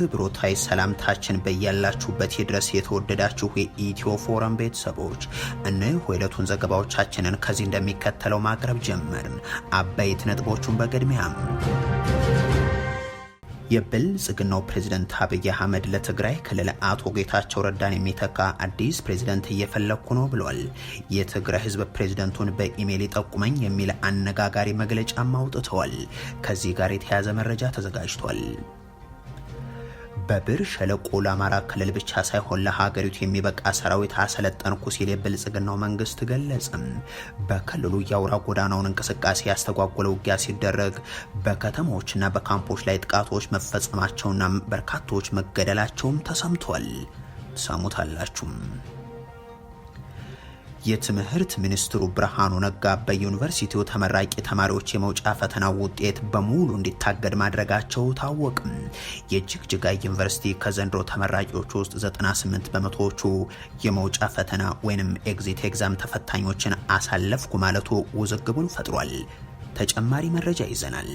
ክብሮታይ ሰላምታችን በያላችሁበት ይድረስ የተወደዳችሁ የኢትዮ ፎረም ቤተሰቦች፣ እነሆ የዕለቱን ዘገባዎቻችንን ከዚህ እንደሚከተለው ማቅረብ ጀመርን። አበይት ነጥቦቹን በቅድሚያም የብልጽግናው ፕሬዝደንት አብይ አህመድ ለትግራይ ክልል አቶ ጌታቸው ረዳን የሚተካ አዲስ ፕሬዝደንት እየፈለግኩ ነው ብሏል። የትግራይ ህዝብ ፕሬዝደንቱን በኢሜይል ይጠቁመኝ የሚል አነጋጋሪ መግለጫም አውጥተዋል። ከዚህ ጋር የተያያዘ መረጃ ተዘጋጅቷል። በብር ሸለቆ ለአማራ ክልል ብቻ ሳይሆን ለሀገሪቱ የሚበቃ ሰራዊት አሰለጠንኩ ሲል የብልጽግናው መንግስት ገለጽም። በክልሉ የአውራ ጎዳናውን እንቅስቃሴ ያስተጓጎለ ውጊያ ሲደረግ በከተማዎችና በካምፖች ላይ ጥቃቶች መፈጸማቸውና በርካቶች መገደላቸውም ተሰምቷል። ሰሙታላችሁም። የትምህርት ሚኒስትሩ ብርሃኑ ነጋ በዩኒቨርሲቲው ተመራቂ ተማሪዎች የመውጫ ፈተና ውጤት በሙሉ እንዲታገድ ማድረጋቸው ታወቅም። የጅግጅጋ ዩኒቨርሲቲ ከዘንድሮ ተመራቂዎች ውስጥ 98 በመቶዎቹ የመውጫ ፈተና ወይንም ኤግዚት ኤግዛም ተፈታኞችን አሳለፍኩ ማለቱ ውዝግቡን ፈጥሯል። ተጨማሪ መረጃ ይዘናል።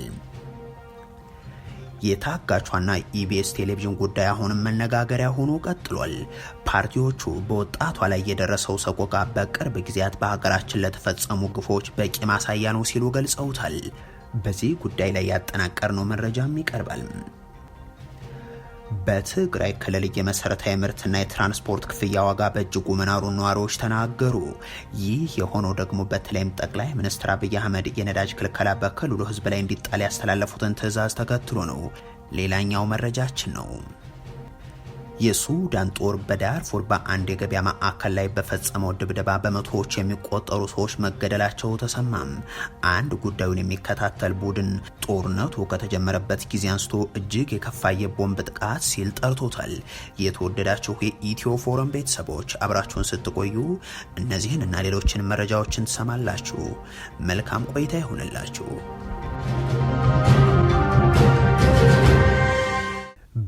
የታጋቿና ኢቢኤስ ቴሌቪዥን ጉዳይ አሁንም መነጋገሪያ ሆኖ ቀጥሏል። ፓርቲዎቹ በወጣቷ ላይ የደረሰው ሰቆቃ በቅርብ ጊዜያት በሀገራችን ለተፈጸሙ ግፎች በቂ ማሳያ ነው ሲሉ ገልጸውታል። በዚህ ጉዳይ ላይ ያጠናቀርነው መረጃም ይቀርባል። በትግራይ ክልል የመሰረታዊ ምርትና የትራንስፖርት ክፍያ ዋጋ በእጅጉ መናሩን ነዋሪዎች ተናገሩ። ይህ የሆነው ደግሞ በተለይም ጠቅላይ ሚኒስትር አብይ አህመድ የነዳጅ ክልከላ በክልሉ ሕዝብ ላይ እንዲጣል ያስተላለፉትን ትዕዛዝ ተከትሎ ነው። ሌላኛው መረጃችን ነው። የሱዳን ጦር በዳርፉር በአንድ የገበያ ማዕከል ላይ በፈጸመው ድብደባ በመቶዎች የሚቆጠሩ ሰዎች መገደላቸው ተሰማም። አንድ ጉዳዩን የሚከታተል ቡድን ጦርነቱ ከተጀመረበት ጊዜ አንስቶ እጅግ የከፋ የቦምብ ጥቃት ሲል ጠርቶታል። የተወደዳችሁ የኢትዮ ፎረም ቤተሰቦች አብራችሁን ስትቆዩ እነዚህን እና ሌሎችን መረጃዎችን ትሰማላችሁ። መልካም ቆይታ ይሆንላችሁ።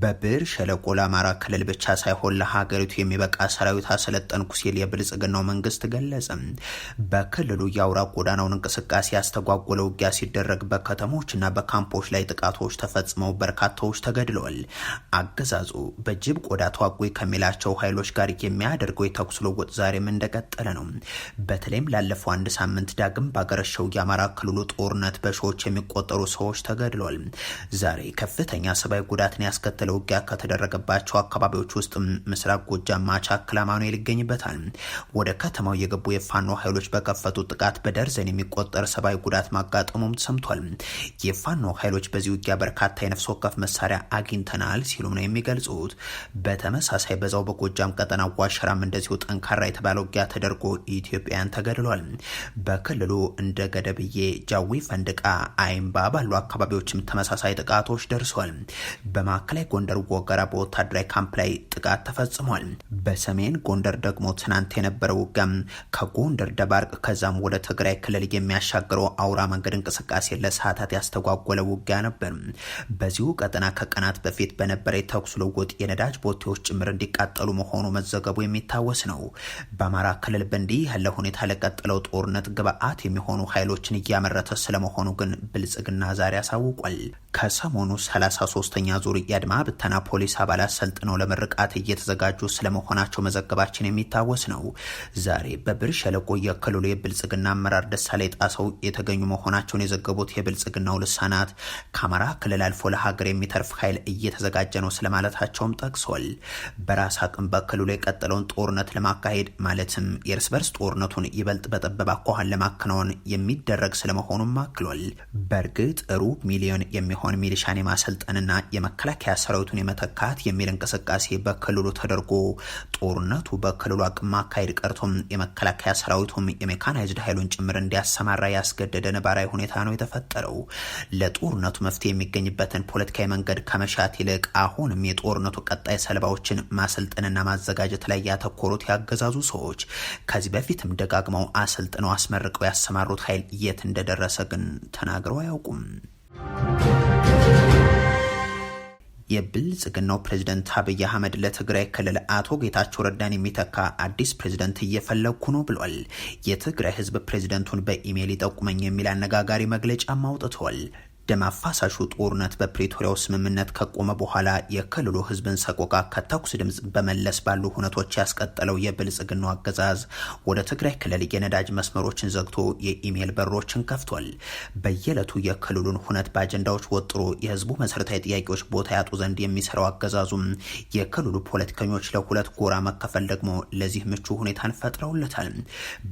በብር ሸለቆ ለአማራ ክልል ብቻ ሳይሆን ለሀገሪቱ የሚበቃ ሰራዊት አሰለጠንኩ ሲል የብልጽግናው መንግስት ገለጸ። በክልሉ የአውራ ጎዳናውን እንቅስቃሴ ያስተጓጎለ ውጊያ ሲደረግ በከተሞችና በካምፖች ላይ ጥቃቶች ተፈጽመው በርካታዎች ተገድለዋል። አገዛዙ በጅብ ቆዳ ተዋጉኝ ከሚላቸው ኃይሎች ጋር የሚያደርገው የተኩስ ልውውጥ ዛሬም እንደቀጠለ ነው። በተለይም ላለፈው አንድ ሳምንት ዳግም ባገረሸው የአማራ ክልሉ ጦርነት በሺዎች የሚቆጠሩ ሰዎች ተገድለዋል። ዛሬ ከፍተኛ ሰብአዊ ጉዳትን ያስከተለው ውጊያ ከተደረገባቸው አካባቢዎች ውስጥ ምስራቅ ጎጃም ማቻክል አማኑኤል ይገኝበታል። ወደ ከተማው የገቡ የፋኖ ኃይሎች በከፈቱ ጥቃት በደርዘን የሚቆጠር ሰብአዊ ጉዳት ማጋጠሙም ተሰምቷል። የፋኖ ኃይሎች በዚህ ውጊያ በርካታ የነፍስ ወከፍ መሳሪያ አግኝተናል ሲሉም ነው የሚገልጹት። በተመሳሳይ በዛው በጎጃም ቀጠና ዋሸራም እንደዚሁ ጠንካራ የተባለ ውጊያ ተደርጎ ኢትዮጵያውያን ተገድሏል። በክልሉ እንደ ገደብዬ፣ ጃዊ፣ ፈንድቃ፣ አይምባ ባሉ አካባቢዎችም ተመሳሳይ ጥቃቶች ደርሷል። በማዕከላዊ ጎን ጎንደር ወገራ በወታደራዊ ካምፕ ላይ ጥቃት ተፈጽሟል። በሰሜን ጎንደር ደግሞ ትናንት የነበረው ውጊያም ከጎንደር ደባርቅ፣ ከዛም ወደ ትግራይ ክልል የሚያሻግረው አውራ መንገድ እንቅስቃሴ ለሰዓታት ያስተጓጎለ ውጊያ ነበር። በዚሁ ቀጠና ከቀናት በፊት በነበረ የተኩስ ልውውጥ የነዳጅ ቦቴዎች ጭምር እንዲቃጠሉ መሆኑ መዘገቡ የሚታወስ ነው። በአማራ ክልል በእንዲህ ያለ ሁኔታ ለቀጠለው ጦርነት ግብአት የሚሆኑ ኃይሎችን እያመረተ ስለመሆኑ ግን ብልጽግና ዛሬ አሳውቋል። ከሰሞኑ 33ኛ ዙር የአድማ የፍተና ፖሊስ አባላት ሰልጥነው ለመርቃት እየተዘጋጁ ስለመሆናቸው መዘገባችን የሚታወስ ነው። ዛሬ በብር ሸለቆ የክልሉ የብልጽግና አመራር ላይ ጣሰው የተገኙ መሆናቸውን የዘገቡት የብልጽግናው ልሳናት ከአማራ ክልል አልፎ ለሀገር የሚተርፍ ኃይል እየተዘጋጀ ነው ስለማለታቸውም ጠቅሷል። በራስ አቅም በክልሉ የቀጠለውን ጦርነት ለማካሄድ ማለትም የእርስ በርስ ጦርነቱን ይበልጥ በጠበብ አኳኋን ለማከናወን የሚደረግ ስለመሆኑም አክሏል። በእርግጥ ሩብ ሚሊዮን የሚሆን ሚሊሻን የማሰልጠንና የመከላከያ ሰራዊት ሰራዊቱን የመተካት የሚል እንቅስቃሴ በክልሉ ተደርጎ ጦርነቱ በክልሉ አቅም አካሄድ ቀርቶም የመከላከያ ሰራዊቱም የሜካናይዝድ ኃይሉን ጭምር እንዲያሰማራ ያስገደደ ነባራዊ ሁኔታ ነው የተፈጠረው። ለጦርነቱ መፍትሄ የሚገኝበትን ፖለቲካዊ መንገድ ከመሻት ይልቅ አሁንም የጦርነቱ ቀጣይ ሰለባዎችን ማሰልጠንና ማዘጋጀት ላይ ያተኮሩት ያገዛዙ ሰዎች ከዚህ በፊትም ደጋግመው አሰልጥነው አስመርቀው ያሰማሩት ኃይል የት እንደደረሰ ግን ተናግረው አያውቁም። የብልጽግናው ፕሬዝደንት አብይ አህመድ ለትግራይ ክልል አቶ ጌታቸው ረዳን የሚተካ አዲስ ፕሬዝደንት እየፈለግኩ ነው ብሏል። የትግራይ ህዝብ ፕሬዝደንቱን በኢሜይል ይጠቁመኝ የሚል አነጋጋሪ መግለጫም አውጥተዋል። ደም አፋሳሹ ጦርነት በፕሪቶሪያው ስምምነት ከቆመ በኋላ የክልሉ ህዝብን ሰቆቃ ከተኩስ ድምፅ በመለስ ባሉ ሁነቶች ያስቀጠለው የብልጽግናው አገዛዝ ወደ ትግራይ ክልል የነዳጅ መስመሮችን ዘግቶ የኢሜይል በሮችን ከፍቷል። በየዕለቱ የክልሉን ሁነት በአጀንዳዎች ወጥሮ የህዝቡ መሰረታዊ ጥያቄዎች ቦታ ያጡ ዘንድ የሚሰራው አገዛዙም የክልሉ ፖለቲከኞች ለሁለት ጎራ መከፈል ደግሞ ለዚህ ምቹ ሁኔታን ፈጥረውለታል።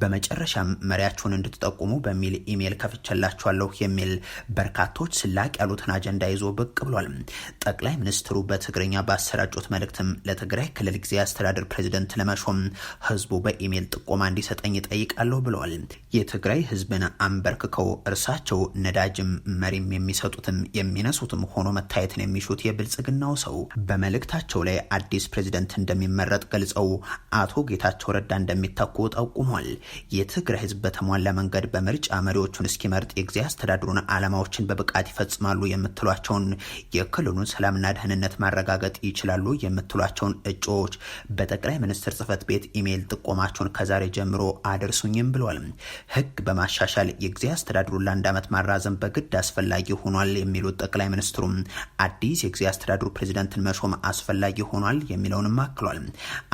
በመጨረሻም መሪያችሁን እንድትጠቁሙ በሚል ኢሜይል ከፍቼላችኋለሁ የሚል በርካታ ወጣቶች ስላቅ ያሉትን አጀንዳ ይዞ ብቅ ብሏል። ጠቅላይ ሚኒስትሩ በትግርኛ ባሰራጩት መልእክትም ለትግራይ ክልል ጊዜ አስተዳደር ፕሬዚደንት ለመሾም ህዝቡ በኢሜይል ጥቆማ እንዲሰጠኝ ይጠይቃለሁ ብለዋል። የትግራይ ህዝብን አንበርክከው እርሳቸው ነዳጅም መሪም የሚሰጡትም የሚነሱትም ሆኖ መታየትን የሚሹት የብልጽግናው ሰው በመልእክታቸው ላይ አዲስ ፕሬዚደንት እንደሚመረጥ ገልጸው አቶ ጌታቸው ረዳ እንደሚተኩ ጠቁሟል። የትግራይ ህዝብ በተሟላ መንገድ በምርጫ መሪዎቹን እስኪመርጥ የጊዜ አስተዳድሩን አላማዎችን በብቃ ጥቃት ይፈጽማሉ የምትሏቸውን የክልሉን ሰላምና ደህንነት ማረጋገጥ ይችላሉ የምትሏቸውን እጩዎች በጠቅላይ ሚኒስትር ጽህፈት ቤት ኢሜይል ጥቆማቸውን ከዛሬ ጀምሮ አደርሱኝም ብሏል። ህግ በማሻሻል የጊዜ አስተዳድሩን ለአንድ ዓመት ማራዘም በግድ አስፈላጊ ሆኗል የሚሉት ጠቅላይ ሚኒስትሩም አዲስ የጊዜ አስተዳድሩ ፕሬዚደንትን መሾም አስፈላጊ ሆኗል የሚለውንም አክሏል።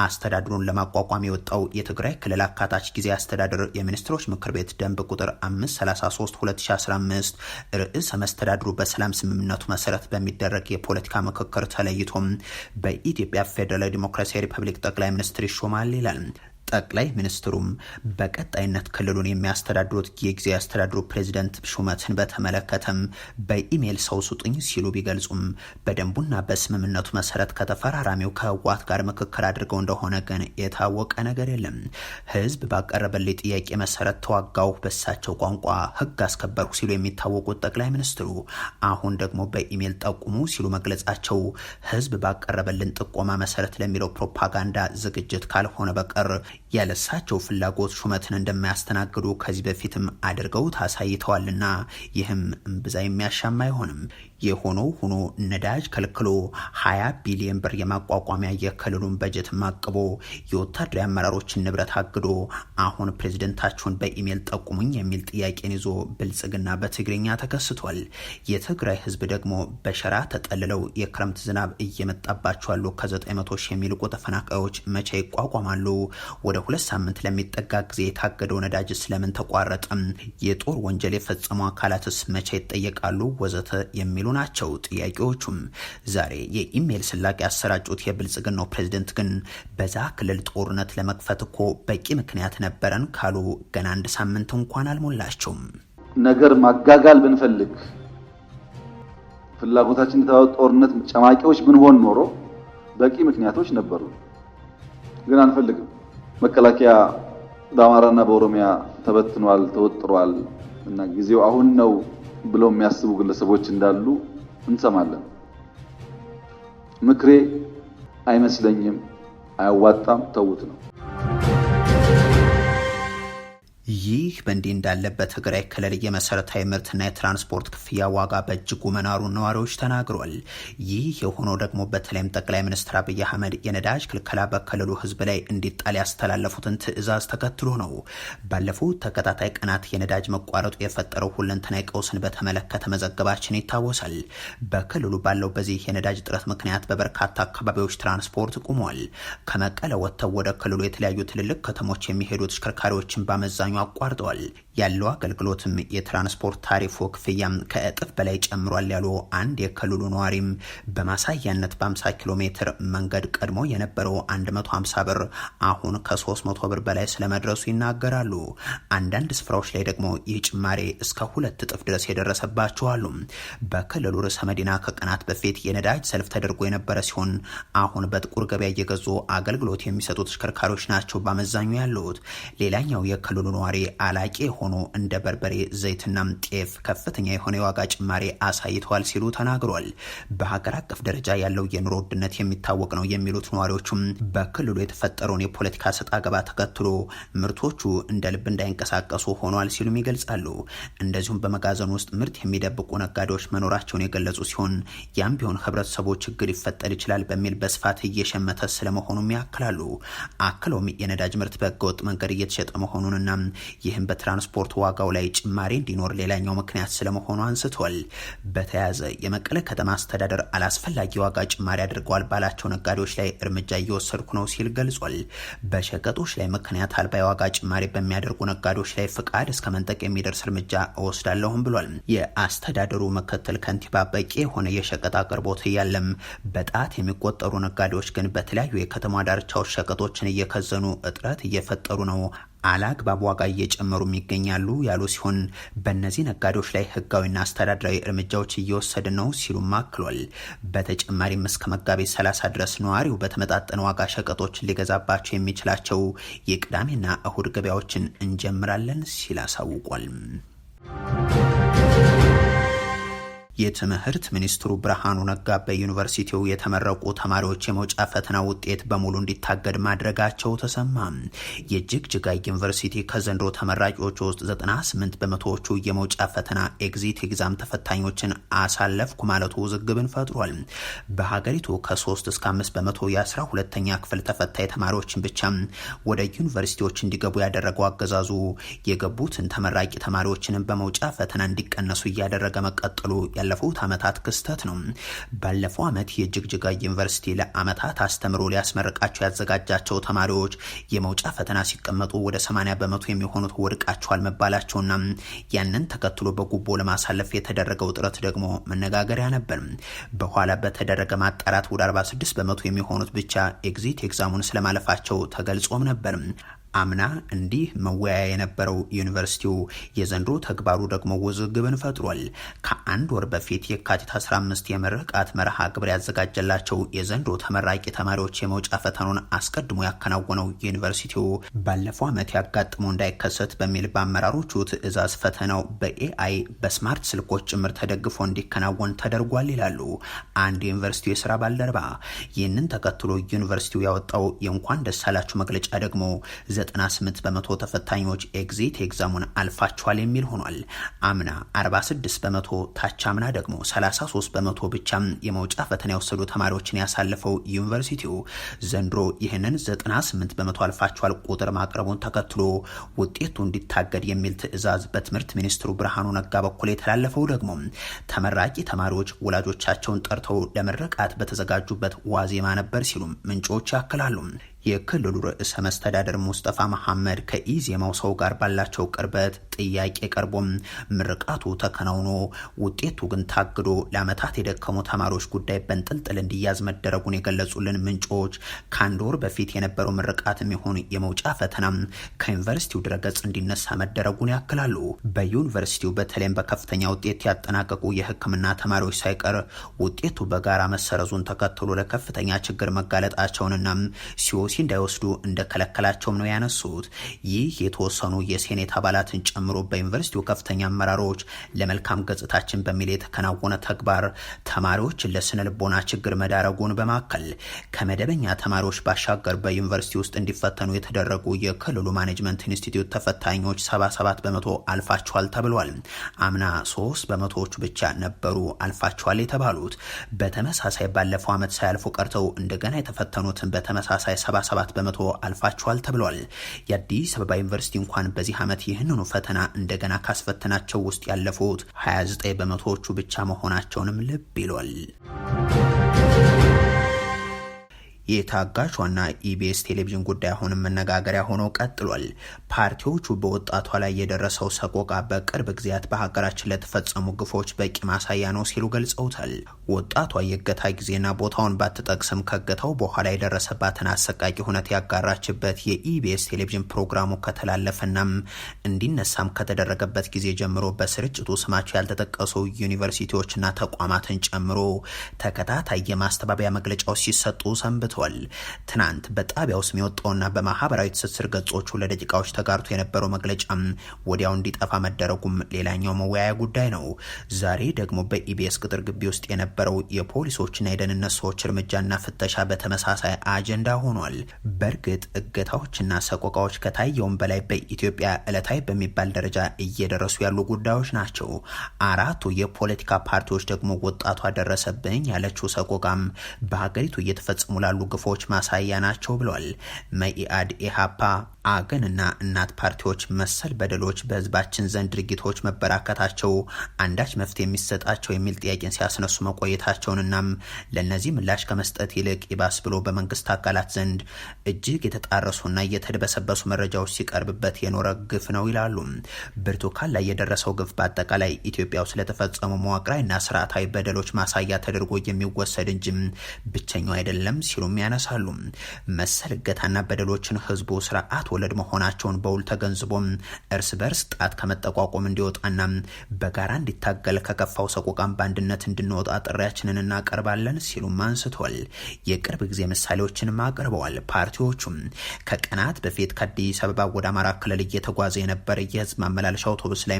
አስተዳድሩን ለማቋቋም የወጣው የትግራይ ክልል አካታች ጊዜ አስተዳደር የሚኒስትሮች ምክር ቤት ደንብ ቁጥር 533 2015 ርዕሰ አስተዳድሩ በሰላም ስምምነቱ መሰረት በሚደረግ የፖለቲካ ምክክር ተለይቶም በኢትዮጵያ ፌዴራላዊ ዲሞክራሲያዊ ሪፐብሊክ ጠቅላይ ሚኒስትር ይሾማል ይላል። ጠቅላይ ሚኒስትሩም በቀጣይነት ክልሉን የሚያስተዳድሩት የጊዜ አስተዳድሩ ፕሬዚደንት ሹመትን በተመለከተም በኢሜይል ሰው ስጡኝ ሲሉ ቢገልጹም በደንቡና በስምምነቱ መሰረት ከተፈራራሚው ከህወሓት ጋር ምክክር አድርገው እንደሆነ ግን የታወቀ ነገር የለም። ህዝብ ባቀረበልኝ ጥያቄ መሰረት ተዋጋው፣ በሳቸው ቋንቋ ህግ አስከበርኩ ሲሉ የሚታወቁት ጠቅላይ ሚኒስትሩ አሁን ደግሞ በኢሜይል ጠቁሙ ሲሉ መግለጻቸው ህዝብ ባቀረበልን ጥቆማ መሰረት ለሚለው ፕሮፓጋንዳ ዝግጅት ካልሆነ በቀር ያለሳቸው ፍላጎት ሹመትን እንደማያስተናግዱ ከዚህ በፊትም አድርገውት አሳይተዋልና ይህም እምብዛ የሚያሻማ አይሆንም። የሆኖ ሆኖ ነዳጅ ከልክሎ 20 ቢሊዮን ብር የማቋቋሚያ የክልሉን በጀት ማቅቦ የወታደራዊ አመራሮችን ንብረት አግዶ አሁን ፕሬዝደንታቸውን በኢሜል ጠቁሙኝ የሚል ጥያቄን ይዞ ብልጽግና በትግርኛ ተከስቷል። የትግራይ ህዝብ ደግሞ በሸራ ተጠልለው የክረምት ዝናብ እየመጣባቸው ከ900 ሺህ የሚልቁ ተፈናቃዮች መቼ ይቋቋማሉ? ወደ ሁለት ሳምንት ለሚጠጋ ጊዜ የታገደው ነዳጅ ስለምን ተቋረጠም? የጦር ወንጀል የፈጸሙ አካላትስ መቼ ይጠየቃሉ? ወዘተ የሚሉ ናቸው ጥያቄዎቹም። ዛሬ የኢሜይል ስላቅ ያሰራጩት የብልጽግናው ፕሬዝደንት ግን በዛ ክልል ጦርነት ለመክፈት እኮ በቂ ምክንያት ነበረን ካሉ ገና አንድ ሳምንት እንኳን አልሞላቸውም። ነገር ማጋጋል ብንፈልግ ፍላጎታችን የተባሉ ጦርነት ጨማቂዎች ብንሆን ኖሮ በቂ ምክንያቶች ነበሩ፣ ግን አንፈልግም። መከላከያ በአማራና በኦሮሚያ ተበትኗል፣ ተወጥሯል እና ጊዜው አሁን ነው ብለው የሚያስቡ ግለሰቦች እንዳሉ እንሰማለን። ምክሬ አይመስለኝም፣ አያዋጣም፣ ተዉት ነው። ይህ በእንዲህ እንዳለ በትግራይ ክልል የመሰረታዊ ምርትና የትራንስፖርት ክፍያ ዋጋ በእጅጉ መናሩን ነዋሪዎች ተናግሯል። ይህ የሆነው ደግሞ በተለይም ጠቅላይ ሚኒስትር አብይ አህመድ የነዳጅ ክልከላ በክልሉ ሕዝብ ላይ እንዲጣል ያስተላለፉትን ትዕዛዝ ተከትሎ ነው። ባለፉት ተከታታይ ቀናት የነዳጅ መቋረጡ የፈጠረው ሁለንተናዊ ቀውስን በተመለከተ መዘገባችን ይታወሳል። በክልሉ ባለው በዚህ የነዳጅ እጥረት ምክንያት በበርካታ አካባቢዎች ትራንስፖርት ቁሟል። ከመቀለ ወጥተው ወደ ክልሉ የተለያዩ ትልልቅ ከተሞች የሚሄዱ ተሽከርካሪዎችን በአመዛኙ አቋርጠዋል። ያለው አገልግሎትም የትራንስፖርት ታሪፉ ክፍያም ከእጥፍ በላይ ጨምሯል ያሉ አንድ የክልሉ ነዋሪም በማሳያነት በ50 ኪሎ ሜትር መንገድ ቀድሞ የነበረው 150 ብር አሁን ከ300 ብር በላይ ስለመድረሱ ይናገራሉ። አንዳንድ ስፍራዎች ላይ ደግሞ ይህ ጭማሬ እስከ ሁለት እጥፍ ድረስ የደረሰባቸው አሉ። በክልሉ ርዕሰ መዲና ከቀናት በፊት የነዳጅ ሰልፍ ተደርጎ የነበረ ሲሆን አሁን በጥቁር ገበያ እየገዙ አገልግሎት የሚሰጡ ተሽከርካሪዎች ናቸው በአመዛኙ ያሉት። ሌላኛው የክልሉ ነዋሪ ጭማሪ አላቂ ሆኖ እንደ በርበሬ ዘይትና ጤፍ ከፍተኛ የሆነ የዋጋ ጭማሪ አሳይተዋል ሲሉ ተናግሯል። በሀገር አቀፍ ደረጃ ያለው የኑሮ ውድነት የሚታወቅ ነው የሚሉት ነዋሪዎቹም በክልሉ የተፈጠረውን የፖለቲካ ሰጥ አገባ ተከትሎ ምርቶቹ እንደ ልብ እንዳይንቀሳቀሱ ሆኗል ሲሉም ይገልጻሉ። እንደዚሁም በመጋዘን ውስጥ ምርት የሚደብቁ ነጋዴዎች መኖራቸውን የገለጹ ሲሆን ያም ቢሆን ህብረተሰቡ ችግር ይፈጠል ይችላል በሚል በስፋት እየሸመተ ስለመሆኑም ያክላሉ። አክለውም የነዳጅ ምርት በህገወጥ መንገድ እየተሸጠ መሆኑንና ይህም በትራንስፖርት ዋጋው ላይ ጭማሪ እንዲኖር ሌላኛው ምክንያት ስለመሆኑ አንስቷል። በተያያዘ የመቀለ ከተማ አስተዳደር አላስፈላጊ ዋጋ ጭማሪ አድርገዋል ባላቸው ነጋዴዎች ላይ እርምጃ እየወሰድኩ ነው ሲል ገልጿል። በሸቀጦች ላይ ምክንያት አልባ የዋጋ ጭማሪ በሚያደርጉ ነጋዴዎች ላይ ፍቃድ እስከ መንጠቅ የሚደርስ እርምጃ እወስዳለሁም ብሏል። የአስተዳደሩ ምክትል ከንቲባ በቂ የሆነ የሸቀጥ አቅርቦት እያለም በጣት የሚቆጠሩ ነጋዴዎች ግን በተለያዩ የከተማ ዳርቻዎች ሸቀጦችን እየከዘኑ እጥረት እየፈጠሩ ነው። አላግባብ ዋጋ እየጨመሩም ይገኛሉ ያሉ ሲሆን በእነዚህ ነጋዴዎች ላይ ህጋዊና አስተዳደራዊ እርምጃዎች እየወሰድ ነው ሲሉም አክሏል። በተጨማሪም እስከ መጋቢት 30 ድረስ ነዋሪው በተመጣጠነ ዋጋ ሸቀጦች ሊገዛባቸው የሚችላቸው የቅዳሜና እሁድ ገበያዎችን እንጀምራለን ሲል አሳውቋል። የትምህርት ሚኒስትሩ ብርሃኑ ነጋ በዩኒቨርሲቲው የተመረቁ ተማሪዎች የመውጫ ፈተና ውጤት በሙሉ እንዲታገድ ማድረጋቸው ተሰማ። የጅግጅጋ ዩኒቨርሲቲ ከዘንድሮ ተመራቂዎች ውስጥ 98 በመቶዎቹ የመውጫ ፈተና ኤግዚት ኤግዛም ተፈታኞችን አሳለፍኩ ማለቱ ውዝግብን ፈጥሯል። በሀገሪቱ ከ3 እስከ 5 በመቶ የአስራ ሁለተኛ ክፍል ተፈታይ ተማሪዎችን ብቻ ወደ ዩኒቨርሲቲዎች እንዲገቡ ያደረገው አገዛዙ የገቡትን ተመራቂ ተማሪዎችንም በመውጫ ፈተና እንዲቀነሱ እያደረገ መቀጠሉ ያለ ያለፉት ዓመታት ክስተት ነው። ባለፈው ዓመት የጅግጅጋ ዩኒቨርሲቲ ለዓመታት አስተምሮ ሊያስመርቃቸው ያዘጋጃቸው ተማሪዎች የመውጫ ፈተና ሲቀመጡ ወደ 80 በመቶ የሚሆኑት ወድቃቸዋል መባላቸውና ያንን ተከትሎ በጉቦ ለማሳለፍ የተደረገው ጥረት ደግሞ መነጋገሪያ ነበር። በኋላ በተደረገ ማጣራት ወደ 46 በመቶ የሚሆኑት ብቻ ኤግዚት ኤግዛሙን ስለማለፋቸው ተገልጾም ነበር። አምና እንዲህ መወያያ የነበረው ዩኒቨርሲቲው የዘንድሮ ተግባሩ ደግሞ ውዝግብን ፈጥሯል። ከአንድ ወር በፊት የካቲት 15 የምርቃት መርሃ ግብር ያዘጋጀላቸው የዘንድሮ ተመራቂ ተማሪዎች የመውጫ ፈተናውን አስቀድሞ ያከናወነው ዩኒቨርሲቲው ባለፈው ዓመት ያጋጥሞ እንዳይከሰት በሚል በአመራሮቹ ትዕዛዝ ፈተናው በኤአይ በስማርት ስልኮች ጭምር ተደግፎ እንዲከናወን ተደርጓል ይላሉ አንድ ዩኒቨርሲቲው የስራ ባልደረባ። ይህንን ተከትሎ ዩኒቨርሲቲው ያወጣው የእንኳን ደስ አላችሁ መግለጫ ደግሞ 98 በመቶ ተፈታኞች ኤግዚት ኤግዛሙን አልፋቸዋል የሚል ሆኗል። አምና 46 በመቶ ታች አምና ደግሞ 33 በመቶ ብቻ የመውጫ ፈተና የወሰዱ ተማሪዎችን ያሳለፈው ዩኒቨርሲቲው ዘንድሮ ይህንን 98 በመቶ አልፋቸዋል ቁጥር ማቅረቡን ተከትሎ ውጤቱ እንዲታገድ የሚል ትዕዛዝ በትምህርት ሚኒስትሩ ብርሃኑ ነጋ በኩል የተላለፈው ደግሞ ተመራቂ ተማሪዎች ወላጆቻቸውን ጠርተው ለመረቃት በተዘጋጁበት ዋዜማ ነበር ሲሉም ምንጮች ያክላሉ። የክልሉ ርዕሰ መስተዳደር ሙስጠፋ መሐመድ ከኢዜማው ሰው ጋር ባላቸው ቅርበት ጥያቄ ቀርቦም ምርቃቱ ተከናውኖ ውጤቱ ግን ታግዶ ለአመታት የደከሙ ተማሪዎች ጉዳይ በንጥልጥል እንዲያዝ መደረጉን የገለጹልን ምንጮች ከአንድ ወር በፊት የነበረው ምርቃት የሚሆን የመውጫ ፈተና ከዩኒቨርሲቲው ድረገጽ እንዲነሳ መደረጉን ያክላሉ። በዩኒቨርሲቲው በተለይም በከፍተኛ ውጤት ያጠናቀቁ የሕክምና ተማሪዎች ሳይቀር ውጤቱ በጋራ መሰረዙን ተከትሎ ለከፍተኛ ችግር መጋለጣቸውንና ሲወስ እንዳይወስዱ እንደከለከላቸውም ነው ያነሱት። ይህ የተወሰኑ የሴኔት አባላትን ጨምሮ በዩኒቨርሲቲው ከፍተኛ አመራሮች ለመልካም ገጽታችን በሚል የተከናወነ ተግባር ተማሪዎች ለስነ ልቦና ችግር መዳረጉን በማከል ከመደበኛ ተማሪዎች ባሻገር በዩኒቨርሲቲ ውስጥ እንዲፈተኑ የተደረጉ የክልሉ ማኔጅመንት ኢንስቲትዩት ተፈታኞች 77 በመቶ አልፋቸዋል ተብሏል። አምና 3 በመቶዎቹ ብቻ ነበሩ አልፋቸዋል የተባሉት። በተመሳሳይ ባለፈው ዓመት ሳያልፉ ቀርተው እንደገና የተፈተኑትን በተመሳሳይ 47 በመቶ አልፋቸዋል ተብሏል። የአዲስ አበባ ዩኒቨርሲቲ እንኳን በዚህ ዓመት ይህንኑ ፈተና እንደገና ካስፈተናቸው ውስጥ ያለፉት 29 በመቶዎቹ ብቻ መሆናቸውንም ልብ ይሏል። የታጋቿና ኢቢኤስ ቴሌቪዥን ጉዳይ አሁንም መነጋገሪያ ሆኖ ቀጥሏል። ፓርቲዎቹ በወጣቷ ላይ የደረሰው ሰቆቃ በቅርብ ጊዜያት በሀገራችን ለተፈጸሙ ግፎች በቂ ማሳያ ነው ሲሉ ገልጸውታል። ወጣቷ የእገታ ጊዜና ቦታውን ባትጠቅስም ከገታው በኋላ የደረሰባትን አሰቃቂ ሁነት ያጋራችበት የኢቢኤስ ቴሌቪዥን ፕሮግራሙ ከተላለፈናም እንዲነሳም ከተደረገበት ጊዜ ጀምሮ በስርጭቱ ስማቸው ያልተጠቀሱ ዩኒቨርሲቲዎችና ተቋማትን ጨምሮ ተከታታይ የማስተባበያ መግለጫው ሲሰጡ ሰንብቷል። ትናንት በጣቢያው ስም የወጣውና በማህበራዊ ትስስር ገጾቹ ለደቂቃዎች ተጋርቶ የነበረው መግለጫም ወዲያው እንዲጠፋ መደረጉም ሌላኛው መወያያ ጉዳይ ነው። ዛሬ ደግሞ በኢቢኤስ ቅጥር ግቢ ውስጥ የነበ የነበረው የፖሊሶችና የደህንነት ሰዎች እርምጃና ፍተሻ በተመሳሳይ አጀንዳ ሆኗል። በእርግጥ እገታዎችና ሰቆቃዎች ከታየውም በላይ በኢትዮጵያ እለታዊ በሚባል ደረጃ እየደረሱ ያሉ ጉዳዮች ናቸው። አራቱ የፖለቲካ ፓርቲዎች ደግሞ ወጣቷ ደረሰብኝ ያለችው ሰቆቃም በሀገሪቱ እየተፈጸሙ ላሉ ግፎች ማሳያ ናቸው ብሏል። መኢአድ፣ ኢሃፓ አገንና እናት ፓርቲዎች መሰል በደሎች በህዝባችን ዘንድ ድርጊቶች መበራከታቸው አንዳች መፍትሄ የሚሰጣቸው የሚል ጥያቄን ሲያስነሱ መቆየታቸውንናም ለእነዚህ ምላሽ ከመስጠት ይልቅ ይባስ ብሎ በመንግስት አካላት ዘንድ እጅግ የተጣረሱና እየተደበሰበሱ መረጃዎች ሲቀርብበት የኖረ ግፍ ነው ይላሉ። ብርቱካን ላይ የደረሰው ግፍ በአጠቃላይ ኢትዮጵያ ውስጥ ለተፈጸሙ መዋቅራዊና ስርዓታዊ በደሎች ማሳያ ተደርጎ የሚወሰድ እንጂ ብቸኛው አይደለም ሲሉም ያነሳሉ። መሰል እገታና በደሎችን ህዝቡ ስርዓት ወለድ መሆናቸውን በውል ተገንዝቦም እርስ በርስ ጣት ከመጠቋቆም እንዲወጣና በጋራ እንዲታገል ከከፋው ሰቆቃም በአንድነት እንድንወጣ ጥሪያችንን እናቀርባለን ሲሉም አንስቷል። የቅርብ ጊዜ ምሳሌዎችንም አቅርበዋል። ፓርቲዎቹም ከቀናት በፊት ከአዲስ አበባ ወደ አማራ ክልል እየተጓዘ የነበረ የህዝብ ማመላለሻ አውቶቡስ ላይ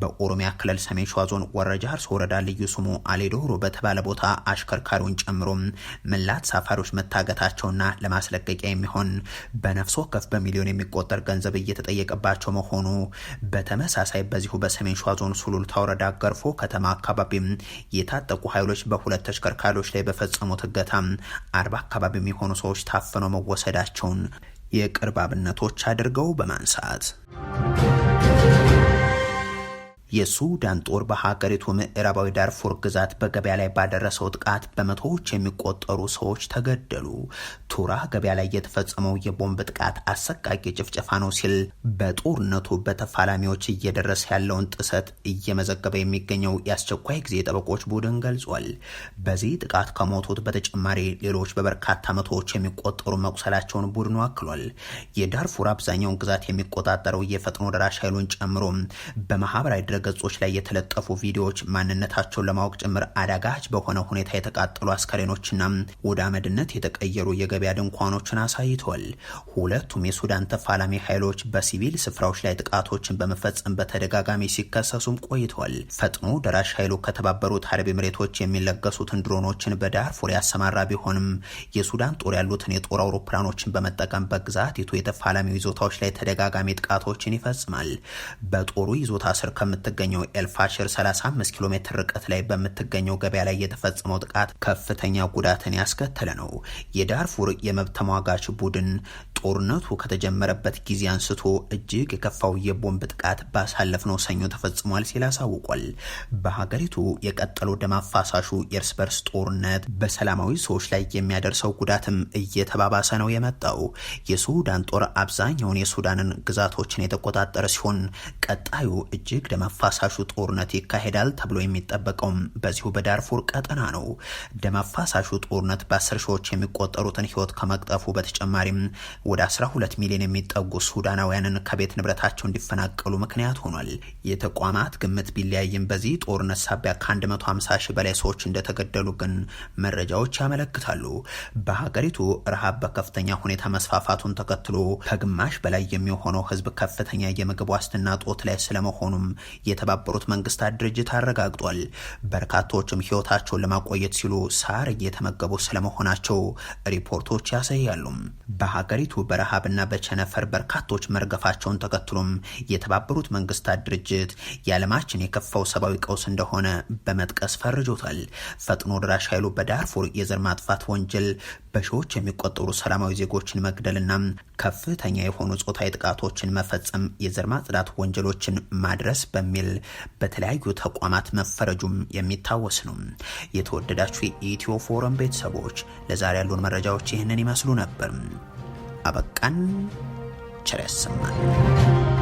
በኦሮሚያ ክልል ሰሜን ሸዋ ዞን ወረጃ አርሶ ወረዳ ልዩ ስሙ አሌዶሮ በተባለ ቦታ አሽከርካሪውን ጨምሮ ምላት ሳፋሪዎች መታገታቸውና ለማስለቀቂያ የሚሆን በነፍስ ወከፍ በሚሊዮን በሚሊዮን የሚቆጠር ገንዘብ እየተጠየቀባቸው መሆኑ በተመሳሳይ በዚሁ በሰሜን ሸዋ ዞን ሱሉልታ ወረዳ ገርፎ ከተማ አካባቢም የታጠቁ ኃይሎች በሁለት ተሽከርካሪዎች ላይ በፈጸሙት እገታ አርባ አካባቢ የሚሆኑ ሰዎች ታፍነው መወሰዳቸውን የቅርብ አብነቶች አድርገው በማንሳት የሱዳን ጦር በሀገሪቱ ምዕራባዊ ዳርፉር ግዛት በገበያ ላይ ባደረሰው ጥቃት በመቶዎች የሚቆጠሩ ሰዎች ተገደሉ። ቱራ ገበያ ላይ የተፈጸመው የቦምብ ጥቃት አሰቃቂ ጭፍጨፋ ነው ሲል በጦርነቱ በተፋላሚዎች እየደረሰ ያለውን ጥሰት እየመዘገበ የሚገኘው የአስቸኳይ ጊዜ ጠበቆች ቡድን ገልጿል። በዚህ ጥቃት ከሞቱት በተጨማሪ ሌሎች በበርካታ መቶዎች የሚቆጠሩ መቁሰላቸውን ቡድኑ አክሏል። የዳርፉር አብዛኛውን ግዛት የሚቆጣጠረው የፈጥኖ ደራሽ ኃይሉን ጨምሮ በማህበራዊ ድረ ገጾች ላይ የተለጠፉ ቪዲዮዎች ማንነታቸውን ለማወቅ ጭምር አዳጋች በሆነ ሁኔታ የተቃጠሉ አስከሬኖችና ወደ አመድነት የተቀየሩ የገበያ ድንኳኖችን አሳይቷል። ሁለቱም የሱዳን ተፋላሚ ኃይሎች በሲቪል ስፍራዎች ላይ ጥቃቶችን በመፈጸም በተደጋጋሚ ሲከሰሱም ቆይቷል። ፈጥኖ ደራሽ ኃይሉ ከተባበሩት አረብ ኤምሬቶች የሚለገሱትን ድሮኖችን በዳርፉር ያሰማራ ቢሆንም የሱዳን ጦር ያሉትን የጦር አውሮፕላኖችን በመጠቀም በግዛቲቱ የተፋላሚ ይዞታዎች ላይ ተደጋጋሚ ጥቃቶችን ይፈጽማል። በጦሩ ይዞታ ስር ከምት ከምትገኘው ኤልፋሽር 35 ኪሎ ሜትር ርቀት ላይ በምትገኘው ገበያ ላይ የተፈጸመው ጥቃት ከፍተኛ ጉዳትን ያስከተለ ነው። የዳርፉር የመብት ተሟጋች ቡድን ጦርነቱ ከተጀመረበት ጊዜ አንስቶ እጅግ የከፋው የቦምብ ጥቃት ባሳለፍነው ሰኞ ተፈጽሟል ሲል አሳውቋል። በሀገሪቱ የቀጠለው ደም አፋሳሹ የእርስ በርስ ጦርነት በሰላማዊ ሰዎች ላይ የሚያደርሰው ጉዳትም እየተባባሰ ነው የመጣው። የሱዳን ጦር አብዛኛውን የሱዳንን ግዛቶችን የተቆጣጠረ ሲሆን ቀጣዩ እጅግ ደም አፋሳሹ ጦርነት ይካሄዳል ተብሎ የሚጠበቀውም በዚሁ በዳርፉር ቀጠና ነው። ደም አፋሳሹ ጦርነት በአስር ሺዎች የሚቆጠሩትን ህይወት ከመቅጠፉ በተጨማሪም ወደ 12 ሚሊዮን የሚጠጉ ሱዳናውያንን ከቤት ንብረታቸው እንዲፈናቀሉ ምክንያት ሆኗል። የተቋማት ግምት ቢለያይም በዚህ ጦርነት ሳቢያ ከ150 ሺህ በላይ ሰዎች እንደተገደሉ ግን መረጃዎች ያመለክታሉ። በሀገሪቱ ረሃብ በከፍተኛ ሁኔታ መስፋፋቱን ተከትሎ ከግማሽ በላይ የሚሆነው ህዝብ ከፍተኛ የምግብ ዋስትና ጦት ላይ ስለመሆኑም የተባበሩት መንግስታት ድርጅት አረጋግጧል። በርካቶችም ህይወታቸውን ለማቆየት ሲሉ ሳር እየተመገቡ ስለመሆናቸው ሪፖርቶች ያሳያሉ። በሀገሪቱ በረሃብና በቸነፈር በርካቶች መርገፋቸውን ተከትሎም የተባበሩት መንግስታት ድርጅት የዓለማችን የከፋው ሰብአዊ ቀውስ እንደሆነ በመጥቀስ ፈርጆታል። ፈጥኖ ድራሽ ኃይሉ በዳርፉር የዘር ማጥፋት ወንጀል በሺዎች የሚቆጠሩ ሰላማዊ ዜጎችን መግደልና ከፍተኛ የሆኑ ጾታዊ ጥቃቶችን መፈጸም፣ የዘር ማጽዳት ወንጀሎችን ማድረስ በሚ በሚል በተለያዩ ተቋማት መፈረጁም የሚታወስ ነው። የተወደዳችሁ የኢትዮ ፎረም ቤተሰቦች ለዛሬ ያሉን መረጃዎች ይህንን ይመስሉ ነበር። አበቃን። ቸር ያሰማል።